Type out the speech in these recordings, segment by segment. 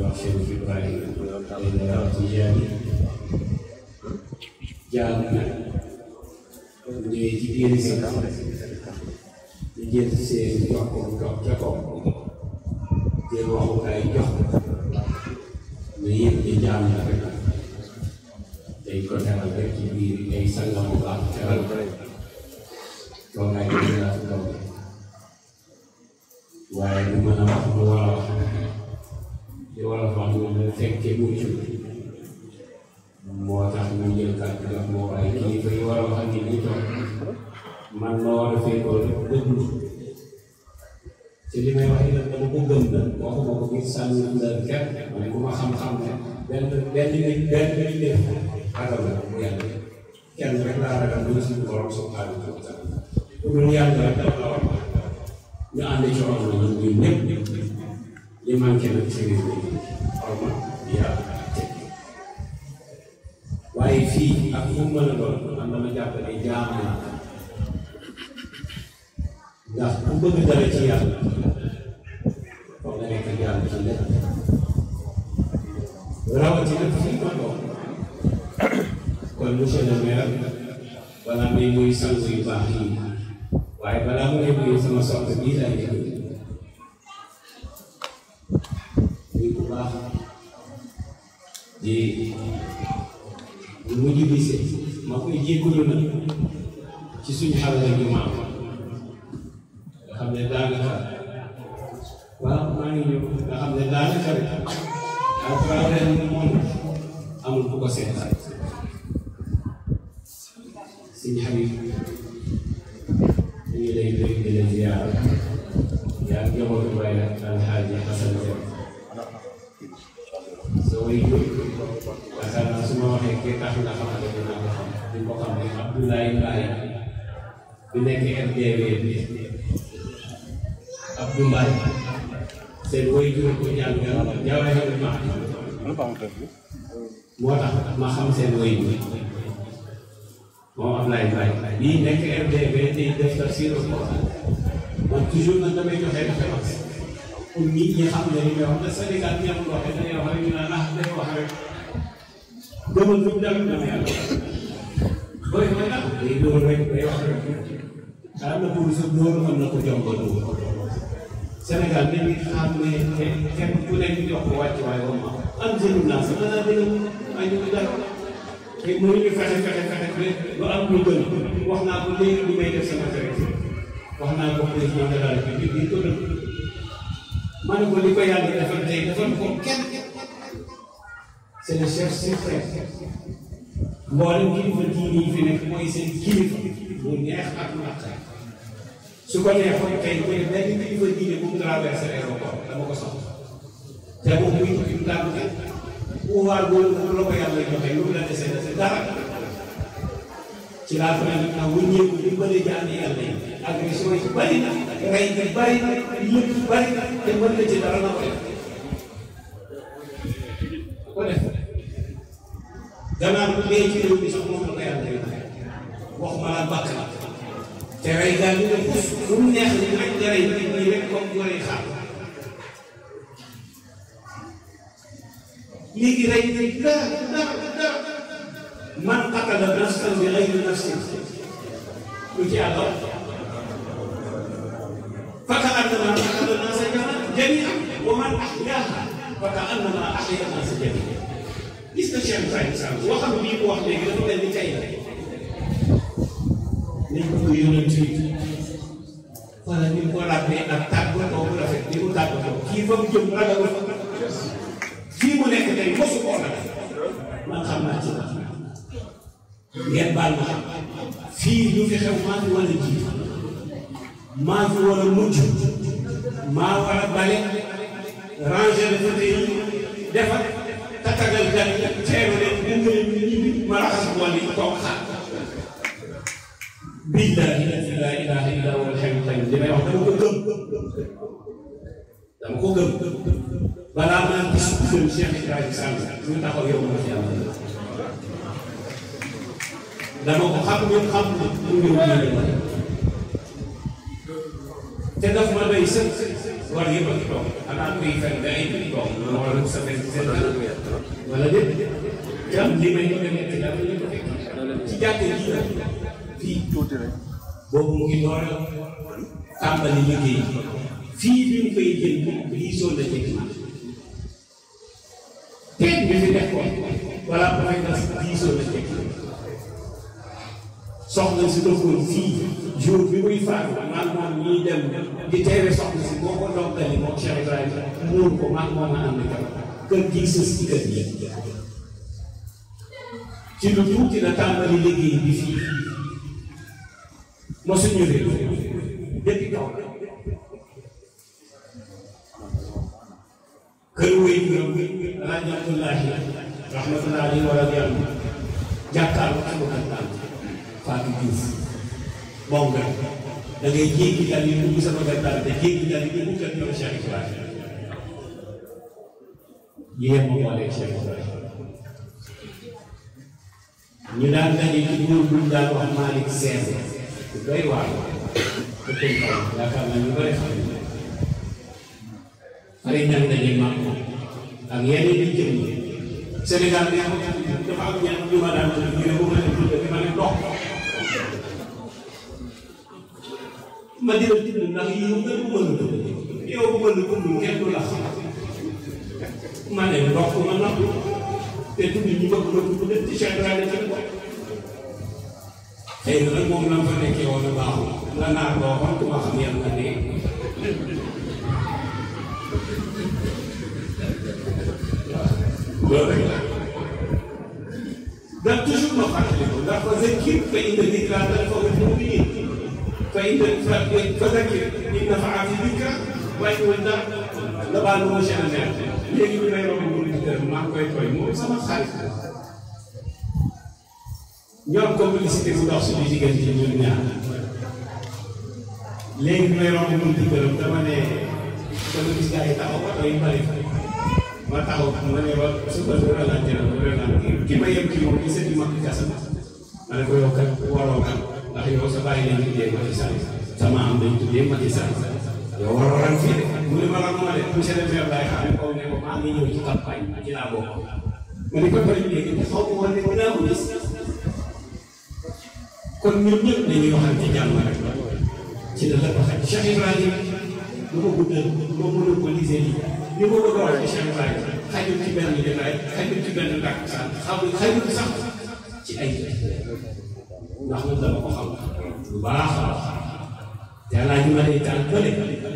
wakil Ibrahim Al-Qiyam jaamna bu ñëwee ci biir sax ñu jël seen jox ko jox ca ko jël waxukaay jox ñu yëpp ñu jaam na rek dañ ko teral rek ci biir ngay sangam bu baax teral sometimes do that. balaa muy muy sang yu baax yi waaye balaa muy muy sama soxla bii lay déglu muy bu baax di mu mujj gise ma koy jégalu nag ci suñu xarala ñu maam nga xam ne daanaka waaw maa ngi ñëw nga xam ne daanaka rek ak moom amul ku ko seetaan teewee bi Abdou Mbaye seen woy jur ko ñaan nga jawaahirul mahdi moo tax ma xam seen woy jur moom Ablaye Mbaye bii nekk MDB tey def tafsir man toujours nag damay joxe référence pour nit ñi xam ne li may wax ne Sénégal ñi amul waxee dañuy wax rek ñu naan ah, dama gëm dara damay am booy mooy rek day am na ko rus a dóor na ko jom ba dóor Sénégal nit ñi xam ne kenn ku ko wàcc waaye ba mu am. am naa sama naa naa ko ma ne ko li ko yàlla defal tey defal ko kenn c'est le chef kilifa diine fi nekk mooy seen kilifa mu neex ak naqar su ko neexoon tey lu koy benn bari na te mën na ci dara na wax ma la bàkk la te rey ñu ne lu mu neex ñu rek nga rey nit ñi rek comme gore xaar léegi rey nañ dara dara dara man qatala nafsan bi ghayri nafsin lu ci àllam faka annama qatala nasa jami'an wa man ahyaaha faka annama jami'an gis waxam wax dafa mel ni nañ bëgg yonent bi wala ni mu ko ràbbee ak tàggatoo bu rafet ni mu tàggatoo kii fa mu jëm ragal fa fii mu nekk tey mosu koo nag man xam naa ci wax ngeen baal ma fii lu fi xew maa fi war a ji maa fi war a mucc maa war bale ranger côté yi defar tatagal gan yi teeru leen ñu ngi ma raxas bool yi toog billahi laa ilaaha illaa huwa al-hayyul qayyuum li may wax dama ko gëm dama ko gëm balaa maa gis gëm Cheikh Ibrahima Sall ñu taxaw yow ma fi yàlla dama ko xam ñun xam ñu ngi wér te daf ma doy sëkk war yëpp a ngi toog xanaa kuy fen nga ay ngi toog wala mu sa benn seen wala déet jam li may ñu demee ci jàkk ji fii tuuti rek boobu mu ngi door tàmbali liggéey fii bi mu koy jël lii zone la jëkk teen bi fi nekkoon wala bu may nas lii zone la jëkk soxna si dëkkoon fii jour bi muy faatu man moom ñuy dem di teere soxna si boo ko ndokkali moom Cheikh Ibrahima muur ko man moom a am na kër kii sës ci kër yi ci lu tuuti la tàmbali liggéey bi fii moo suñu réew dëkk kaw la kër wéy juróom alaaji Abdullahi rahmatullahi wa radiyallahu jàkkaarloo ak alquran Fatou Diouf moom nga da ngay jéggi dal yi dugg sama gàttal te jéggi dal yi dugg ak ñoom Cheikh Ibrahima yéen moom moo leen Cheikh Ibrahima ñu daan daje ci góor bu ñu daan wax Malick Sène ku doy waar te tey yaakaar naa ñu bëri xam nañu ay ñan dañuy màgg ak yenn yi di jëm Sénégal dafa am ñenn ñu ma daan ñu ne bu ma leen tuddee ma leen dox ma dina tudd ndax yow nga du mën a yow bu mën a tudd kenn du la xam ma ne ndox ma noppi te tudd ñu bëgg ma tudd ci Cheikh Ibrahima tamit xëy na nag moom na fa nekkee woon na baaxul la naar boo xam ku ma xam yàlla ne waaw loolu rek la ndax toujours ma fàttaliku ndax fa zakir fa inna dikra tanfa'ul mu'minin fa inna fa zakir inna nafa'ati dikra waaye mooy ndax la baal ma monsieur le maire léegi ñu lay wax maa ngi koy koy moom sama xarit ñoom complicité bu dox suñu diggante ci ñun ñaar léegi bi may romb buntu këram dama ne dama gis gars yi taxaw oto yu bari ma taxaw ma ne ba suba bi la laaj jëral ma ki ma yem ci moom ci sëñ Macky Gassama ma ne ko yow kat waroo kan ndax yow sa bàyyi lañ tuddee Macky Sall sama am dañ tuddee Macky Sall yow waroo ran fii de mu ne ma lan moo de monsieur le maire laay xam ne kaw ne ko maa ngi ñëw ci campagne ci laa bokk ma ne ko bëri léegi xaw ma kon ñun ñëpp dañuy waxante jàmm rek ci la lépp xaj Cheikh Ibrahima lu ma guddal ma mënul ko lisee nii ni ma ko doon Cheikh Ibrahima ci benn jotaay xajul ci benn sax ci ay ndax man dama ko xam lu baax a baax te alaaji ma day tànn bële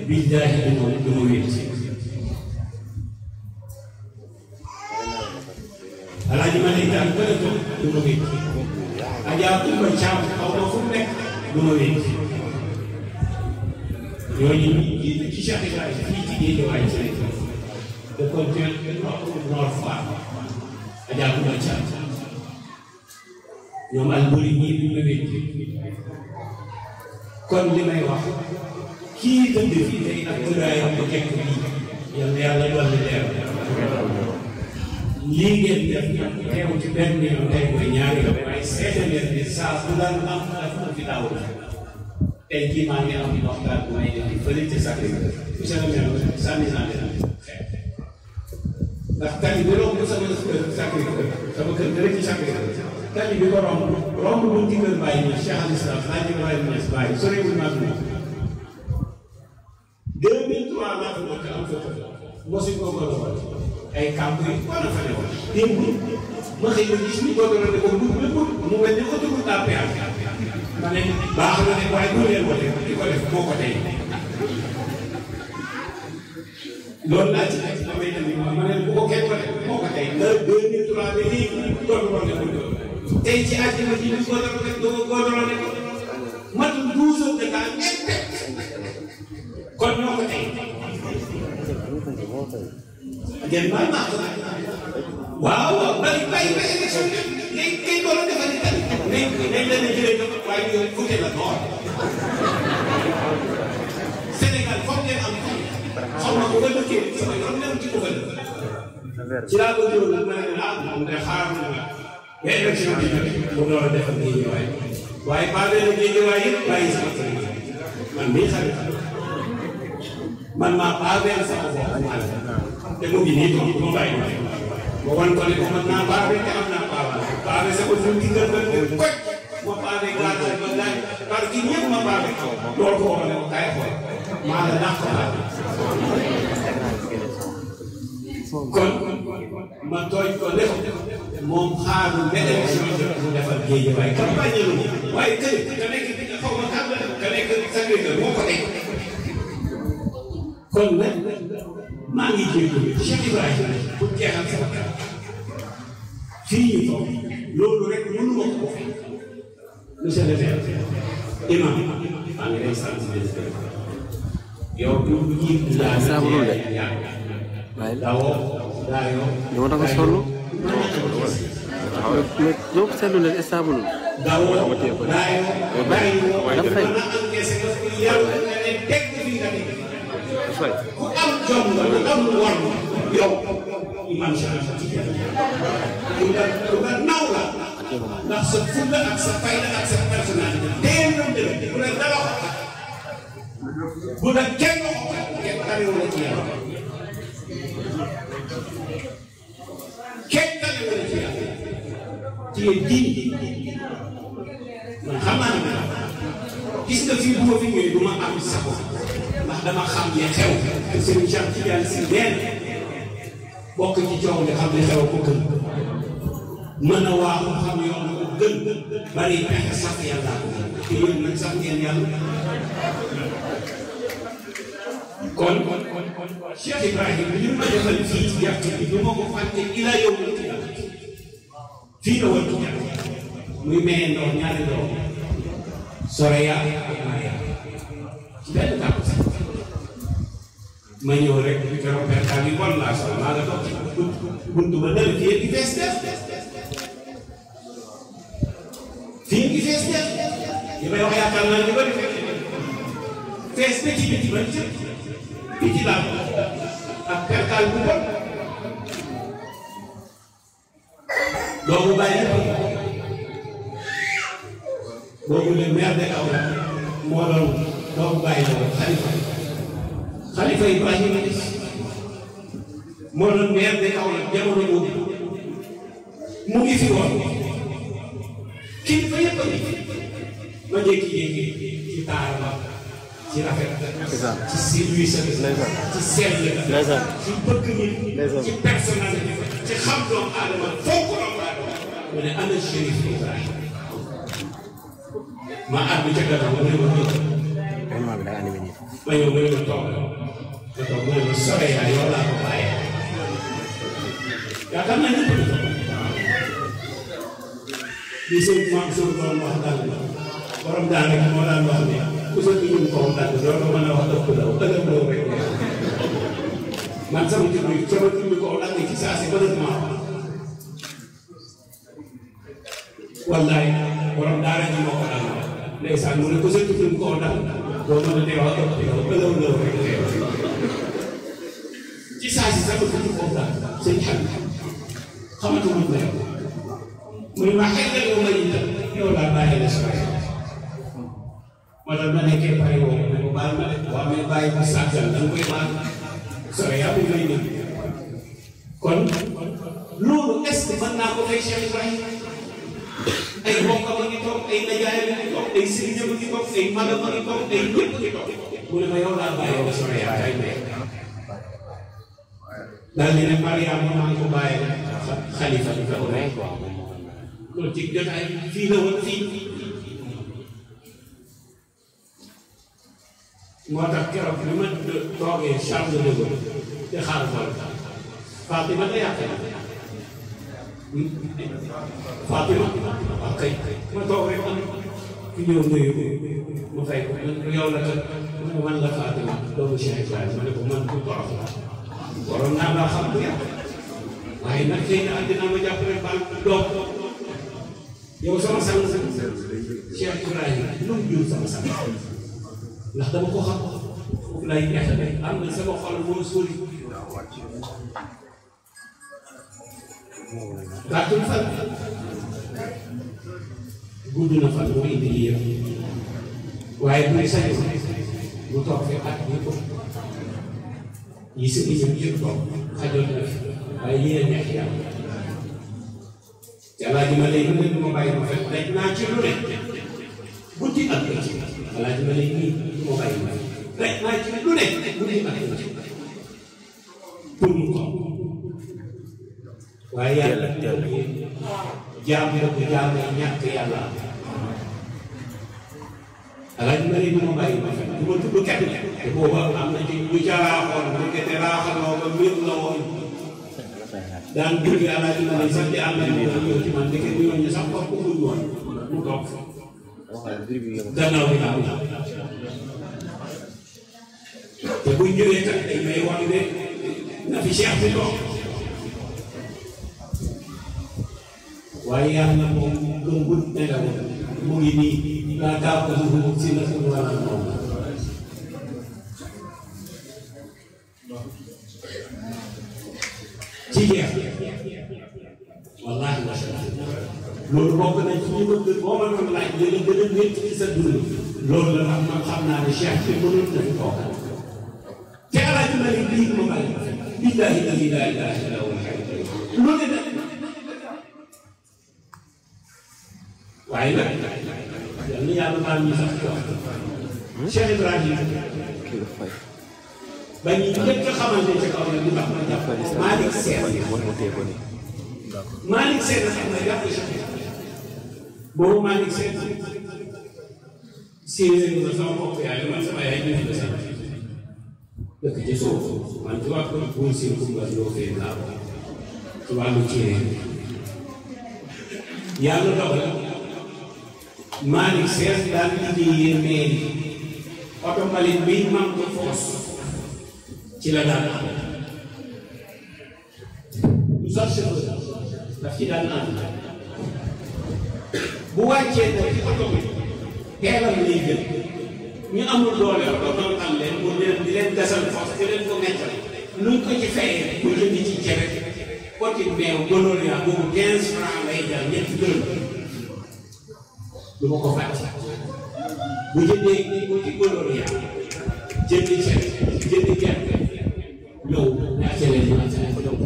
billahi dama dama wéet alaaji Malick daal gën a toog du ma wéy Adja Kumba Caam xaw ma fu mu nekk du ma wéy ñooñu ñu ci Cheikh ci Guédiawaye Sénégal dëkkoon ci Nord Foire Adja Kumba Caam ñoom alburi ñii wax kii dënd fii tey ak tëraayam bu nekk bii yàlla yàlla doon leer lii ngeen def nag teew ci benn yoon tey mooy ñaari yoon waaye seet leen ne saa su daan am dafa fi daaw tey kii maa ngi am waxtaan bu may def fële ca sàkk monsieur le maire sànni naa leen ndax tali bi romb sama sàkk sama kër dara ci sàkk tali bi ko romb romb bu ci kër bàyyi ma Cheikh Al Islam naa ci bàyyi ma bàyyi sorewul naa ko 2003 laa fi am ko ko ay kàmb yi war na fa ñëwoon. dégg nga ma xëy na gis ni góor na ko dugg lépp mu mel ni ko dugg tàppe am. ma ne baax na ne waaye bu leen wote di ko def boo ko tey. loolu laa ci nekk damay dem ni ma ne bu ko kenn ko def boo ko tey. nga deux mille trois ba léegi dootu ko ne ko tey ci àjjuma ji góor na ko def góor na ko ne ko matul douze heures de temps kon ñoo ko ngeen baal ma waaw waaw bay bay bay émission bi ngay ngay doon defal ni tamit nañ nañ leen a jëlee waaye yow côté la noor Sénégal foog ngeen am xaw ma ko gën a kii sama yoon dem ci ko gën ci laa ko jëloon nag ma ne ah moom de xaaral ma la mais élection bi nag moom la war a defal géej waaye waaye baa benn géej waaye yëpp bàyyi sama man mii xarit man maa faa weer sama bopp te mu ngi nii toog mu bàyyi ma wan ko ne ko mën naa baabe te am naa baabe baabe sama suñ ci gën gën koy ma baabe gàttal ba laaj parce que ñëpp ma baabe loolu ko waxale ko kaay xool maa la dàq baabe kon ma tooñ ko lépp moom xaaru benn émission mu defal géej waaye campagne la waaye kër ka nekk xaw ma kàddu ka nekk sa moo ko teg kon nag maa ngi jégalu Cheikh Ibrahima pour jeexal sama kàddu fii ñu toog loolu rek mënu ma ko monsieur le maire imam maa ngi lay sant di yow du jiitu laa dama tax a sonn. ñoo ko seetlu leen stable lul. dawoo daayoo bàyyiwoo. fay ku am jom nga ku am war yow imam Cheikh ku la ku la naw la ndax sa fulla ak sa fayda ak sa personnalité dee ñoom de bu la dara xoxat bu la kenn xoxat kenn tariwu la ci yàlla kenn tariwu la ci yàlla ci diin man xamaa na gis nga fii bu ma fi ñëwee du ma am sago ndax dama xam li xew te sëriñ Cheikh Tidiane si leen bokk ci coow li xam li xew ko gën mën a waaxu xam yoon ko gën bari pexe sax yàlla ko te yéen nag sax ngeen yàlla kon Cheikh Ibrahim li ñu ma defal fii ci gerte bi du ma ko fàtte ila yow la ci fii la war ci gerte muy meññ ndox ñaari ndox sore yaa ak Maria ci benn kàpp ma ñëw rek di keroog perte bi kon laa maa nga toog buntu ba léegi fii di fees def fii di fees def li may wax yaakaar naa ñu bëri fees na ci biti ba ci biti laa ko ak perkaal bu bon doomu bàyyi boobu le maire de Kaolack moo doon doomu bàyyi la woon xalifa xalifa Ibrahima Niass moo doon maire de Kaolack jamono boobu mu ngi fi woon kii ba yëpp a ngi fi ma jékki-jékki ci taar ba ci rafet. ci service ci seetlu ci bëgg nit ci personnalité ci xam doomu aadama foo ko doomu aadama mu ne ana Chérif Ibrahima ma àgg ca gàllankoor ma ñëw ma ñëw toog ma toog ma ñëw sobe yaa yow laa ko bàyyi yaakaar naa ñëpp ñu toog lii sëñ maam sëñ borom wax daal la borom daal rek moo daan wax ne ku sëñ bi ñu borom daal doo ko mën a wax dëkk daw dëgg daw rek man sama jur bi sama jur bi ko dagg ci saa si ba dëgg maa wallaay borom daara ji moo ko daan ndeysaan mu ne ku sëñ bi ñu ko daan 我们的对方要对方各弄各回对方。第三是咱们不是国家，谁看看？他们都没有，没把黑的我们一等，又来把黑的出来。madame ma nekkee pare woo ne ko baal ma de waa mais bàyyi ko sànq da nga koy baal sore yaa koy fay nii kon loolu est ce que naa ko fay Cheikh Ibrahima ay bokkam ak ay najaay mu ngi toog ay sëriñ mu ngi toog ay magam mu ngi toog ay ñëpp mu ngi toog mu ne ma yow laa bàyyi ko sama yaay ay may daal di ne Mariam ma maa ngi ko bàyyi xalifa bi ko rey quoi loolu ci jotaay fii la woon fii moo tax keroog li ma toogee Charles de Gaulle te xaaral ma Fatima da yàqee Fatima waaw ma toog rek ku ñëw nuyu ma fay ko yow la kat mu man la Fatima doomu Cheikh Ibrahima ne ko man ku baax naa laa xam bu yàgg waaye nag xëy na àddina ma ne baal doom yow sama sama sang ko xam foofu lay jeexale am na sama xol moo sóoli gàttul fan gudd na fan moo indi lii yëpp waaye bu ñu sañoon bu toog fi at bi ko ñi si ñi ñëpp yëpp toog xajoon na fi waaye lii la neex yàlla Alaaji ma lay mën ma bàyyi ma fekk daj naa ci lu ne guddi ak bëccëg Alaaji ma lay nii ma bàyyi ma daj naa ci lu ne guddi ak bëccëg pour mu ko waaye yàlla teel ko jaam la ko jaam la ñàkk yàlla alaaj mari bi ma bàyyi ma fi du ma tudd kenn te booba am na ci lu ca raaxoon bu fekkee raaxaloo ba mbir la woon daan dugg alaaj mari sax di ànd ak ñëw ci man ndeke ñooñu sax wax ko gudd woon mu toog gannaaw bi am na te bu ñëwee kat day may wax ne na fi cheikh bi toog waaye yàlla moom gëmul nelaw mu ngi nii laa ta'xuzuhu sinatun wa laa nawm ci jeex wallaahi macha allah loolu bokk nañ ci ñi ma gën boo ma doon laaj dina gën a la am man xam naa ne cheikh bi mënul na fi toog te ma ne lii ma bàyyi billahi la ilaha illa huwa lu ne waaye nag yal na yàlla baal ñu sax ci wax Cheikh Ibrahima ba ñu njëkk a xamante ca kaw la ñu wax ma jàpp Malick Sène Malick Sène xam na jàpp Cheikh boobu Malick Sène séeréer la sama bopp yaay man sama yaay ñu fi sant dëkk ci suuf man ci wax ko buur seen kumba loo fee laa ci wàllu ci yàlla dogal Malick Seck daan liggéeyee mairie oto mbalit bi mam ko foos ci la daan am lu sax bu wàccee nag ci oto bi teeral lay ñu amul doole oto doon am leen mu leen di leen gasal foos ko ci fayee bu jëndi ci cere poti meew gënoon yaa boobu quinze francs lay jar ñetti dërëm Dulu kau baca. Mungkin dia ini mungkin gue lori ya. Jadi cek, jadi cek. Lo, nak cek lagi macam apa dong?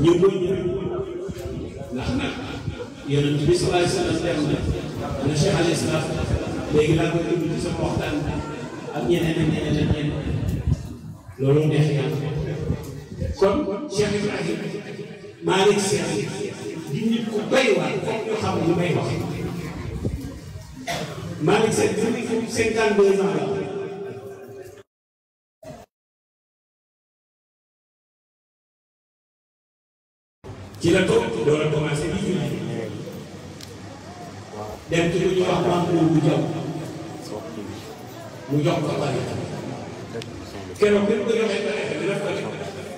Nyubuhnya, lah nak. Yang Nabi Sallallahu Alaihi Wasallam dan Syekh Ali Salaf, dia bilang itu itu sepotan. Amin, amin, amin, amin. Lolong dia yang. Kon Syekh Ibrahim, Malik Syekh doy waar foog ñu xam lu may wax Malick Seck juróomi cinquante deux ans la ci la toog door a commencé di julli dem ci lu ñuy wax maam bu jaw mu jox ko bari keroog bi mu ko joxee ko effet bi daf ko def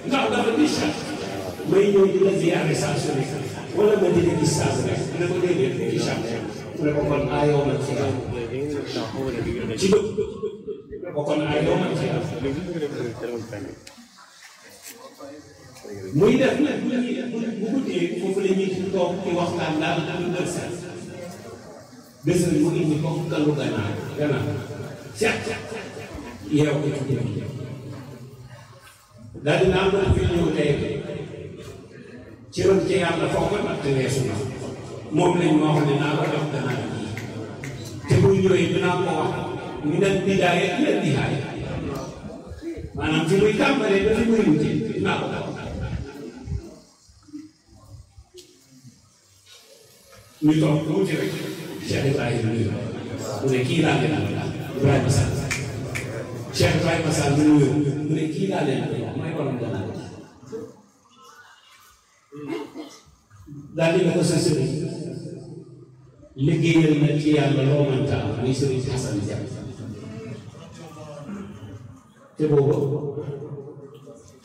ndax dafa di may ñëw di la ziyaare saa su nekk wala nga jëlee gis saa su nekk dina ko déggee dina gis saa su ne ko kon ah yow man ci gaaw ci dëkk ko kon ah yow man ci gaaw muy def nag bu ñuy def bu guddee foofu la ñuy toog ci waxtaan daal lu dëkk sa bés bi mu indi ko kalu gannaaw gannaaw seet yeew ko ci daal dina am na fi ñëw tey ci ron ci yàlla foog nga te weesu na moom lañ ma wax ne naa ko jox danaa la ji te bu ñëwee dinaa ko wax ñu dem digaay ak leen digaay maanaam fi muy tàmbalee ba fi muy mujj dinaa ko wax ñu toog tuuti rek Cheikh Ibrahima nuyu mu ne kii laa leen Ibrahima Sall Cheikh Ibrahima Sall mu ne kii laa leen mooy borom danaa la daal di ne ko sa sëriñ liggéeyal na ci yàlla loo mënta am muy sëriñ Xasan Jam te boobu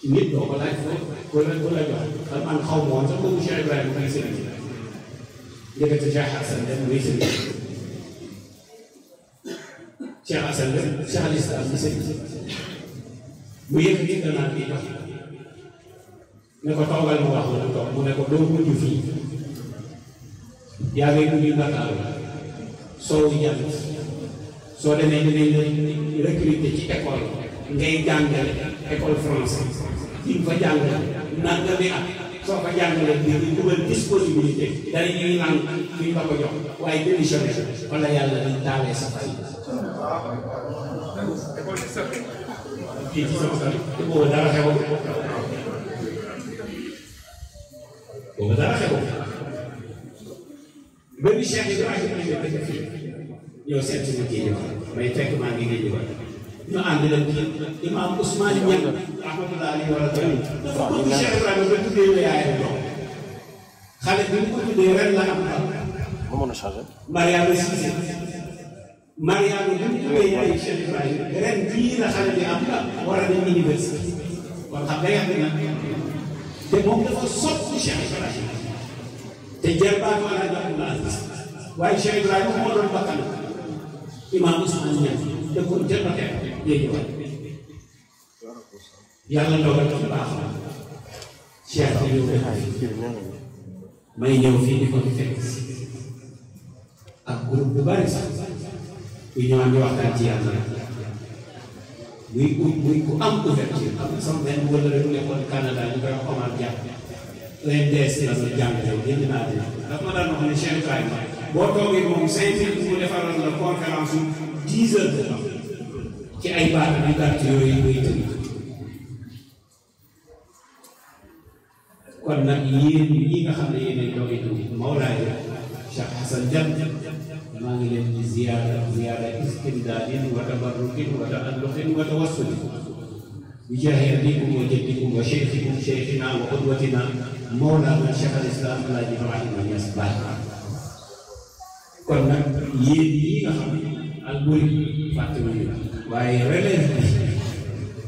nit doo ko laaj ko la ko la jox xam man xaw ma woon sax boobu Cheikh Ibrahima muy sëriñ njëkk ci Cheikh Xasan Jam muy sëriñ Cheikh Xasan Jam Cheikh Al Islam muy sëriñ bu yëkkati gannaaw bi jox ne ko toogal mu wax la toog mu ne ko doo mujj fii yaa ngi mujj Ndakaar soo jàng soo demee dinañ la recruter ci école ngay jàngale école française di nga fa jàngale nangami at soo fa jàngalee dinañ dugal disponibilité danañuy làng duñ la ko jox waaye démissionné wala yàlla dañ taalee sa fay. fii ci sama xel te boobu dara xewoon. boobu dara xew ba ni Cheikh Ibrahima ñëw ba fii ñëw seet si may fekk maa ngi géej waat ñu ànd leen imaam Ousmane Niang rahmatullah alayhi wa rahmatulah dafa bëgg Cheikh Ibrahima ba mu ko tuddee ren la am ba mën a changé Mariama Cissé Mariama bi ren bii la xale bi am war a dem université kon xam nga na te moom dafa sotti Cheikh Ibrahima te jarbaatu Alaaji Abdoul Aziz waaye Cheikh Ibrahima moo doon bakkan imaam Ousmane Niass te kon jarbaateer léegi waay yàlla dogal ci baax Cheikh bi ñëw may ñëw fii di ko di fekk ak groupe bu bari sax ñu ñëwaat ñu waxtaan ci yàlla muy muy ku am ouverture xam nga sama benn wala rek nekkoon Canada ñu koy wax Omar Dia. ENDS la la jàngale yéen dinaa dina daf ma daan wax ne Cheikh Ibrahima boo toogee moom cinq minutes mu defaral la conférence su dix heures de ay baat yu gàtt yooyu muy tënk. kon nag yéen ñi nga xam ne yéen a ngi doon itam Mawlaay Cheikh Hassan Diagne. maa ngi leen di ziyaara ziyaara istimdaadin wa tabarrukin wa taalluqin wa tawassulin bi jaahi abiikum wa jaddikum wa shaykhikum shaykhina wa qudwatina mawlaana shaykh al-islaam Alaaji Ibrahima Ñas Baay kon nag yéen yi nga xam ne algorithme fàtte wuñu la waaye relève bi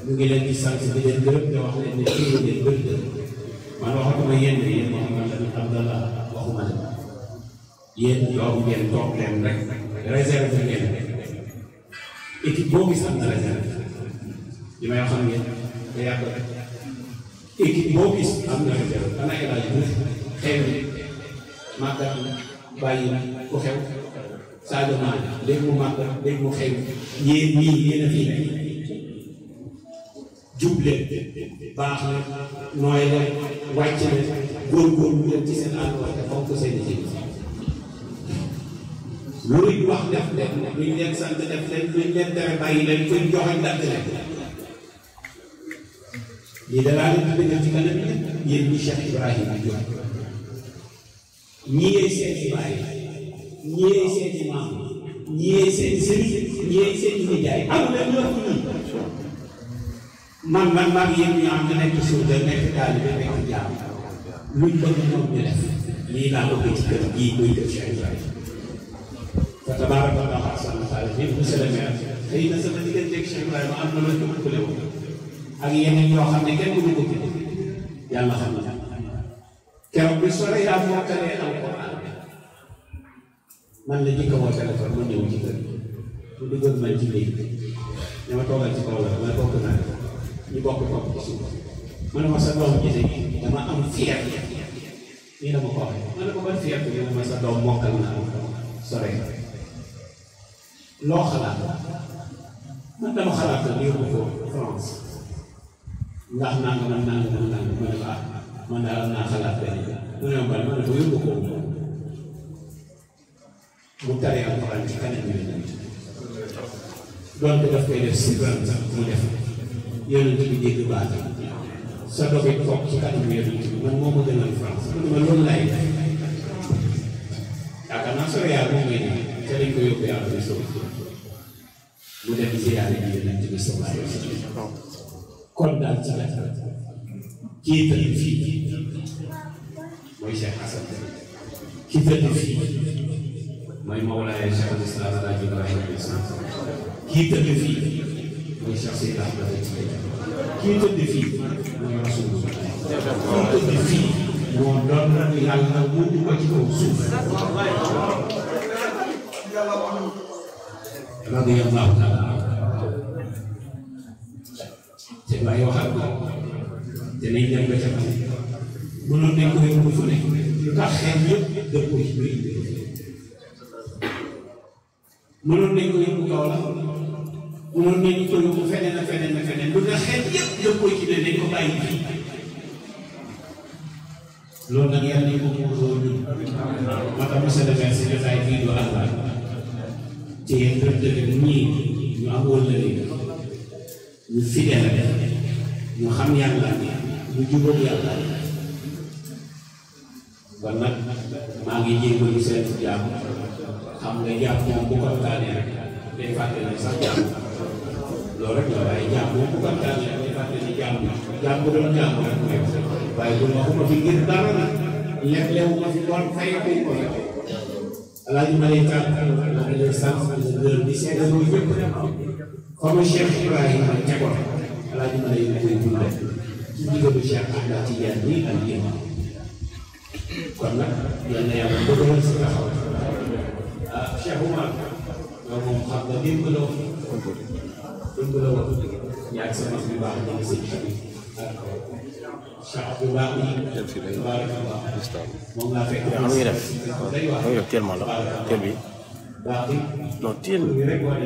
ñu ngi leen di sant di leen gërëm te wax leen ne fii leen gërëm man waxatuma yenn yéen Mouhamed Abdallah waxuma leen yéen doom ngeen toog leen rek réserve ngeen équipe boo gis am xam ngeen boo gis am na réserve dana élarg buuf xew bàyyi ko xew Sadio Mané léegi mu màggat léegi mu xew yéen ñii yéen a fi nekk juble baax na nooy la wàcc na góorgóorlu leen ci seen àll ba te fonk seen i waruñ wax def leen luñ leen sant def leen luñ leen tere bàyyi leen fuñ joxoñ dagg leen lii danaa leen dëggal ci kanam ñëpp yéen ñi Cheikh Ibrahima Diop ñii seen i baay ñii seen i maam ñii seen i sëriñ ñii seen i nijaay amul leen ñoo xam ñun man man maa ngi ñu am nekk lii laa bëgg ci kër gii muy def Cheikh Ibrahima fa tabaarakallaahu ahsanul xaaliqiin monsieur le maire xëy na sama digganteeg Cheikh Ibrahima am na lu ma ëppale woon ak yeneen yoo xam ne kenn mënu ko tudd yàlla sore yaa mokkalee alquran man la jëkk woo téléphone ma ñëw ci kër man ci léegi ne ma toogal ci kaw la ma bokk naa ñu bokk topp ma sa doom gise gi dama am fier nii la ma ko ma ne ko ban fier bi ma sa doom loo xalaat man dama xalaat la yóbbu ko France ndax nangam ak nangam ak nangam ma ne ko ah man daal am naa xalaat benn mu ne ma ne ko yóbbu ko mu taree alxuraan ci kanam bi doon ko daf koy def si ban sax mu def yonent bi dégg baat sa doog it toog ci kanam yonent bi man moo ko gënal France man ma loolu laay def yaakaar naa sori yàlla moom ngay ñëw te dañ ko yóbbu yàlla bi mu dem ziyaare ji yonent a sallallahu alayhi wa sallam kon daal ci gàttal kii tëdd fii mooy Cheikh Hassan kii tëdd fii mooy Mawlaaya Cheikh al Islam Alaaji Ibrahima kii tëdd fii mooy Cheikh Seydi Ahmad kii tëdd fii mooy Rasulullah kii tëdd fii moo doon na yàlla wutu ko ci kaw suuf radiyallahu taala te bàyyi waxal ko te nañ dem ba ca man mënoon nañ ko yóbbu fu nekk yëpp dëpp ci biir mënoon nañ ko yóbbu kaw la mënoon nañ ko yóbbu feneen ak feneen ak feneen bu nga xeet yëpp dëppoo ci biir dañ ko bàyyi fii loolu nag yàlla nañ ko muuroo ñun moo tax monsieur le maire si jotaay fii du àll te yéen tam tamit ñii ñu am wëllëre ñu fidèle ñu xam yàlla ñu jubal yàlla kon nag maa ngi jégalu seen jàmm xam nga jàpp moom bu ko taalee rek day sax jàmm loolu rek la waaye jàmm moom bu ko taalee rek day fàtte ne jàmm jàmm doon jàmm rek waaye bu ma ko fi ngir dara nag léeg-léeg ma fi doon fay ko alaaji Malika alay sant di gërëm di seede lu yëpp comme Cheikh Ibrahima tegoon alaaji Malika koy dundal ci ndigalu Cheikh Ahmed Tidiane bi ak yéen kon nag yal na yàlla dëgëral si taxaw ah Cheikh Oumar yow moom xam nga démb la woon démb la woon ñaar sa baax ñu ngi sëñ bi sax bu baax moom laa fekk daal muy def muy def teel ma la teel bi non teel waaye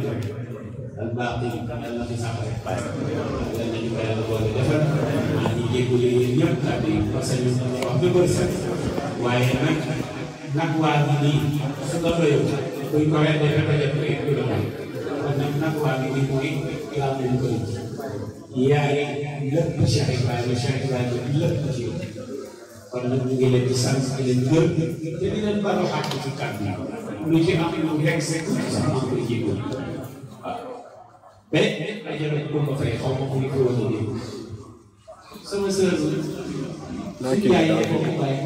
nag nag waa bi nii su nga doyoo buñ ko weesoo dafa def ba yëpp nag nag waa bi nii mooy laa moom yaay lépp Cheikh Ibrahima Cheikh Ibrahima lépp ci yow kon nag ñu ngi leen di sant ah. di leen gërëm te di leen balu xàq ci kàddu yi lu ci am lu rek sek sax maa koy jéego waaw mais ajara ko ma fay xaw ma ko ñu ko woon a sama sœur la suñu yaay yi ko mu bàyyi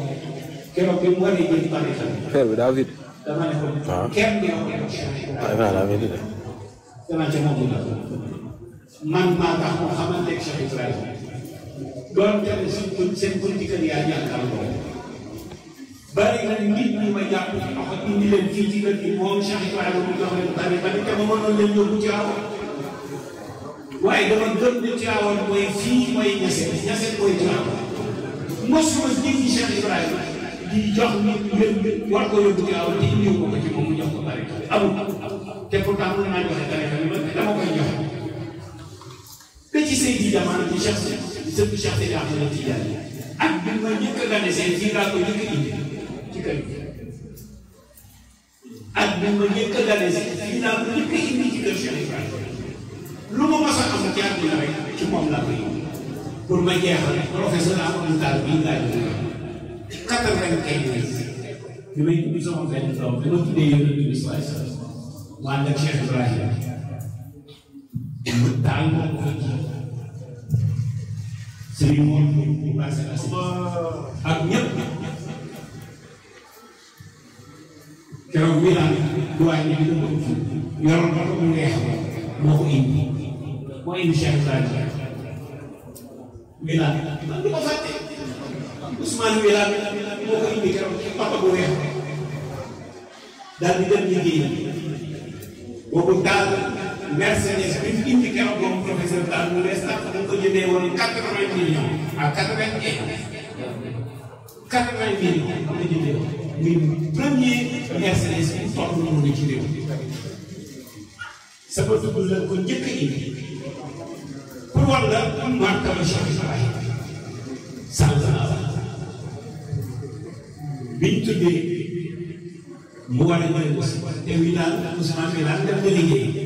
keroog bi mu waree jël bari tam fer bi daa vide dama ne ko kenn yow kenn Cheikh Ibrahima daa vide dama ca moom man maa tax mu xamanteeg Cheikh Ibrahima doon dem suñ seen politique yaa jàkkal loolu bari na nit ñi ma jàpp ci loxo indi leen fii ci kër gi moom Cheikh Ibrahima mu jox leen bari bari te ma mënoon leen yóbbu ci awoon waaye dama gëm ci ci di Cheikh di jox ni ngeen war ko yóbbu ci awoon te indiwu ko ci moom mu ko bari amul te pourtant joxe dama ba ci Seydi Damaane di Cheikh di sëñ Cheikh Seydi Ahmed Tidiane ak bi ma njëkk a gane seen fii laa ko njëkk a indi ci kër gi ak bi ma njëkk a gane seen fii laa ko njëkk a indi ci kër Cheikh Ibrahima lu ma mos a am ci àddina rek ci moom laa koy pour ma jeexal professeur Amadou Tall bii laa jógee ci quatre-vingt-quinze bi may tudd sama benn doom bi ma tuddee yéen a tudd Cheikh Ibrahima bertanya lagi sering kalau bilang doanya itu yang mulai mau ini mau ini syaitan bilang nanti mau hati Usman bilang mau ini kalau apa boleh dan tidak begini bukan. Mercedes bi fi moom professeur Tall mu ne sax da nga ko jëndee woon quatre-vingt millions à quatre-vingt-quinze premier Mercedes bi toog ñu mën a ci réew sama dugg la ko njëkk a indi pour war la martaba Cheikh Ibrahim sàll biñ tuddee mu war a ñëw aussi te wi daal Ousmane bi daal def na liggéey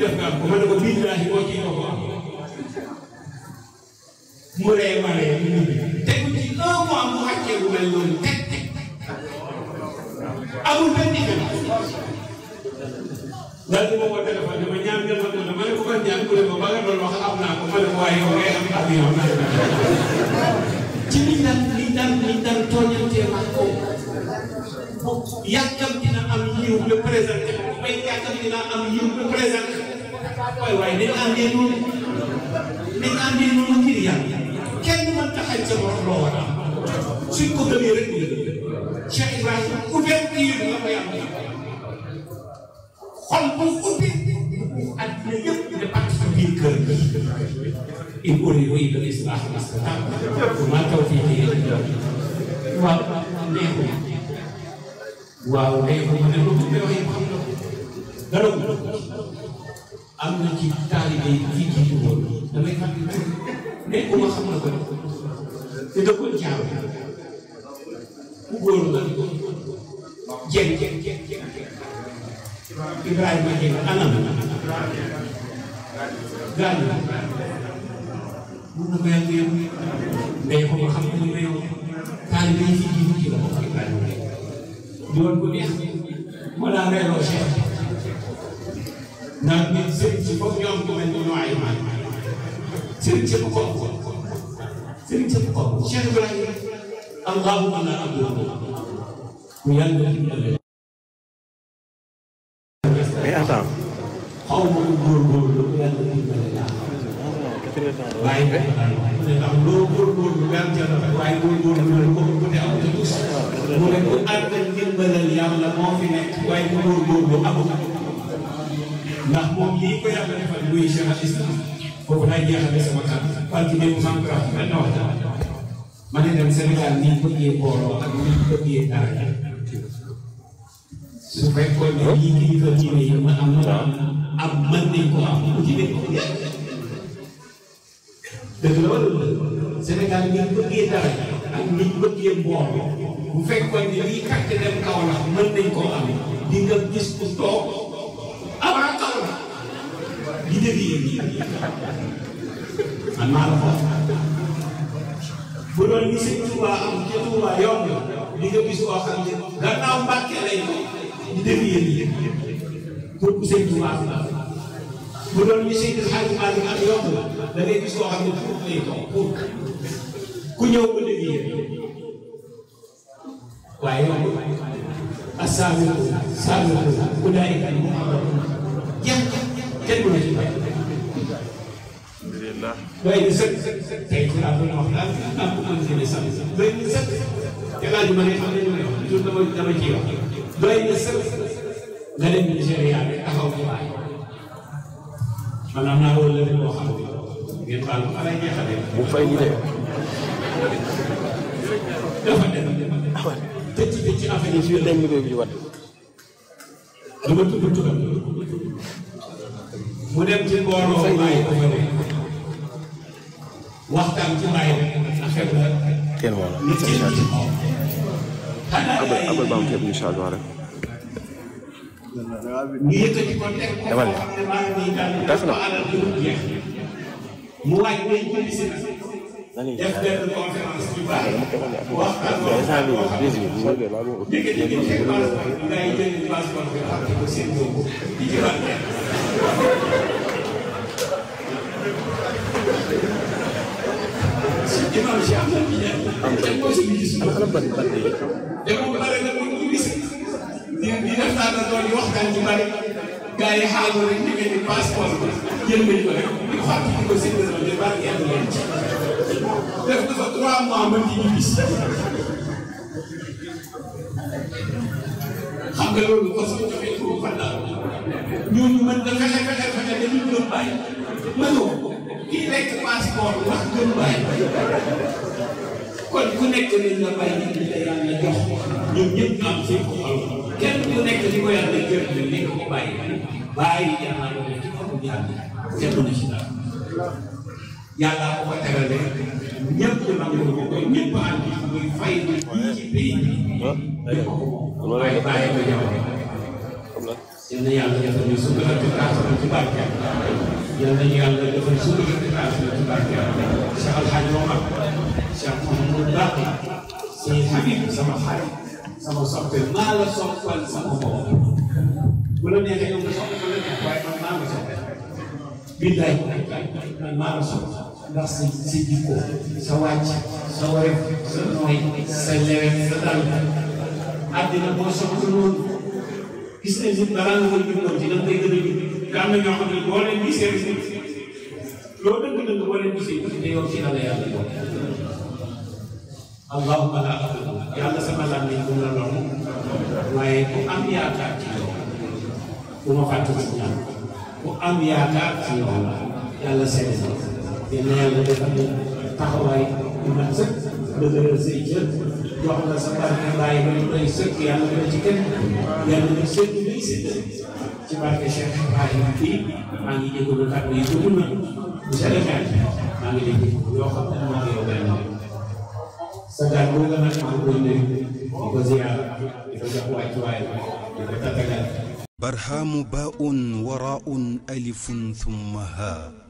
def nga am ko ma ne ko billaahi boo ciy doo ko am mu ree ma ree mu ñibbi te mu ci un mois mu wàccee bu mel noonu teg teg amul benn digal daal di ma woo téléphone dama ñaan ñaan ma ne ma ne ko ban ñaan ku ne ma ba nga doon wax am naa ko ma ne ko waaye yow ngay am avion naa ci liñ daan liñ daan liñ daan tooñantee wax ko yàggam dina am yiw le présenté nekk yaakaar dinaa am yiw bu présent waaye waaye nañ àndee noonu nañ àndee noonu ngir yàlla kenn mën taxañ sa borom loo war a am suñ ko gëmee rek ñu Cheikh Ibrahima ouverture la ko yàlla xol bu ubbi àddina yëpp ne pàcc sa biir kër in uridu illa al-islaha ma stata'tu wa ma tawfiqi illa billah waaw neexu waaw neexu ma ne lu mu wax yëpp xam na ko garabu am na ci taalibe yi ci jiitu woon damay fàttali tur nekkuma xam na ko te da ko jaaw ku góor la jeng jeng jeng jeng Ibrahima jeng anam gaan mun na may ak yow mais ko xam na may yow taalibe yi ci jiitu ci la ko Ibrahima doon ko neex moo daa reeloo Cheikh ndax ñun sëriñ si foofu ñoom ku mel ni ñoo ay maay sëriñ si bu ko sëriñ si bu ko Cheikh Ibrahim allahumma na abdoulaye ku yàlla dimbale mais attends xaw ma ko góorgóorlu ku yàlla dimbale laa waaye ndax loo góorgóorlu benn jël waaye góorgóorlu ko bu ne am na tus mu ne ku ànd dimbalal yàlla moo fi nekk waaye ku góorgóorlu amul ndax moom lii ko yàlla defal muy Cheikh al Islam kooku day jeexale sama kàddu parce que même maa ngi ko wax benn waxtaan ma ne dem Sénégal nii bëggee booloo ak nii bëggee dara su fekkoon ne lii kii bi ko diine yi ma am na am mën nañ ko am ku ci nekk dëgg la wala Sénégal ni bëggee dara ak ni bëggee mbooloo bu fekkoon ne lii kàcce dem kaw la mën nañ koo am di nga gis ku toog lii dégg yéen man maa la ko bu doon ñu sëñ Tuubaa am ca Tuubaa yomb li nga gis koo xam ne gannaaw Mbàkke lay lii dégg yéen pour bu sëñ Tuubaa bu doon ñu sëñ Xaaju Maalik am yomb da ngay gis koo xam ne pour lay toog pour ku ñëw ba dégg yéen waaye asaabiquun saabiquun ulaa'ika al-muqarrabuun kenn du la ci bàyyi. doy na sëkk tey ci laa bëgg a wax daal am am na sëkk doy na sëkk yàllaa ji ma ne xam ne ma ne wax toujours dama dama ciy wax doy na sëkk nga dem Nigéria bi taxaw ci waay man am naa wala leneen boo xam ne ngeen baal ma alay jeexale bu fay ñu de dafa dem tëj ci tëj ci affaire yi ci dem bi bi wat dama tudd turam mu dem ci mbooloo bàyyi ko bëri waxtaan ci bàyyi affaire la. kenn wala abal abal ba am képp incha allah rek. demal ne def na. mu waaj bay jëli si def benn conférence bu baax waxtaan boo xam ne moom dégg nga dégg nga passeport bi xam ne ko seen yóbbu di jëlaat imam si am na bi ñaan ko si gis na ala bari bari de ko bare na ko ñu gis di di def naa na doon waxtaan ci bari gars yi xaalu rek ñu ngi passeport jël nañ ko rek di fàttali ko si dina de barke am leen ci def na fa trois mois ba di ñu gis xam nga loolu ko sax joxe ko fa daal ñooñu mën nga fexe fexe fexe dañuy gëm bàyyi mënoo kii lekk passeport wax gëm bàyyi kon ku nekk ni la bàyyi nit ñi yàlla jox ñoom ñëpp ñu am seen ko xol kenn ku nekk li ko yàlla jël ni ko ko bàyyi bàyyi yàlla ko ci xolu yàlla kenn na ci dara yàlla ko ko terale ñëpp ñu nangu ko ko ñëpp ànd muy fay ci pays bi ah. ko ko bàyyi ko yal na yàlla defal ñu sutura la ci barke yal nañu yàlla defal sutura la ci barke Cheikh Al Hadj Omar Cheikh Mouhamadou Baqi sëñ Habib sama xarit sama soppe maa la soppal sama bopp bu la neexee yow nga sopp ko la neex waaye man maa la soppe billaay man maa la sopp ndax sa sa jikko sa wàcc sa wareef sa nooy sa lewet sa dal àddina boo sopp noonu gis nañ nit balaa nga koy jubboon ci da nga koy gën a jub te am na ñoo xam ne boo leen gisee loolu dëgg dëgg boo leen gisee te yow ci la la yàlla yow. allahumma la yàlla sama làmmiñ bu la lool waaye ku am yaakaar ci yow bu ma fàtte ci ñaan ku am yaakaar ci yow yàlla seen yàlla defal taxawaay bu mat sëkk dëgëral say jël برهام باء وراء ألف ثم هاء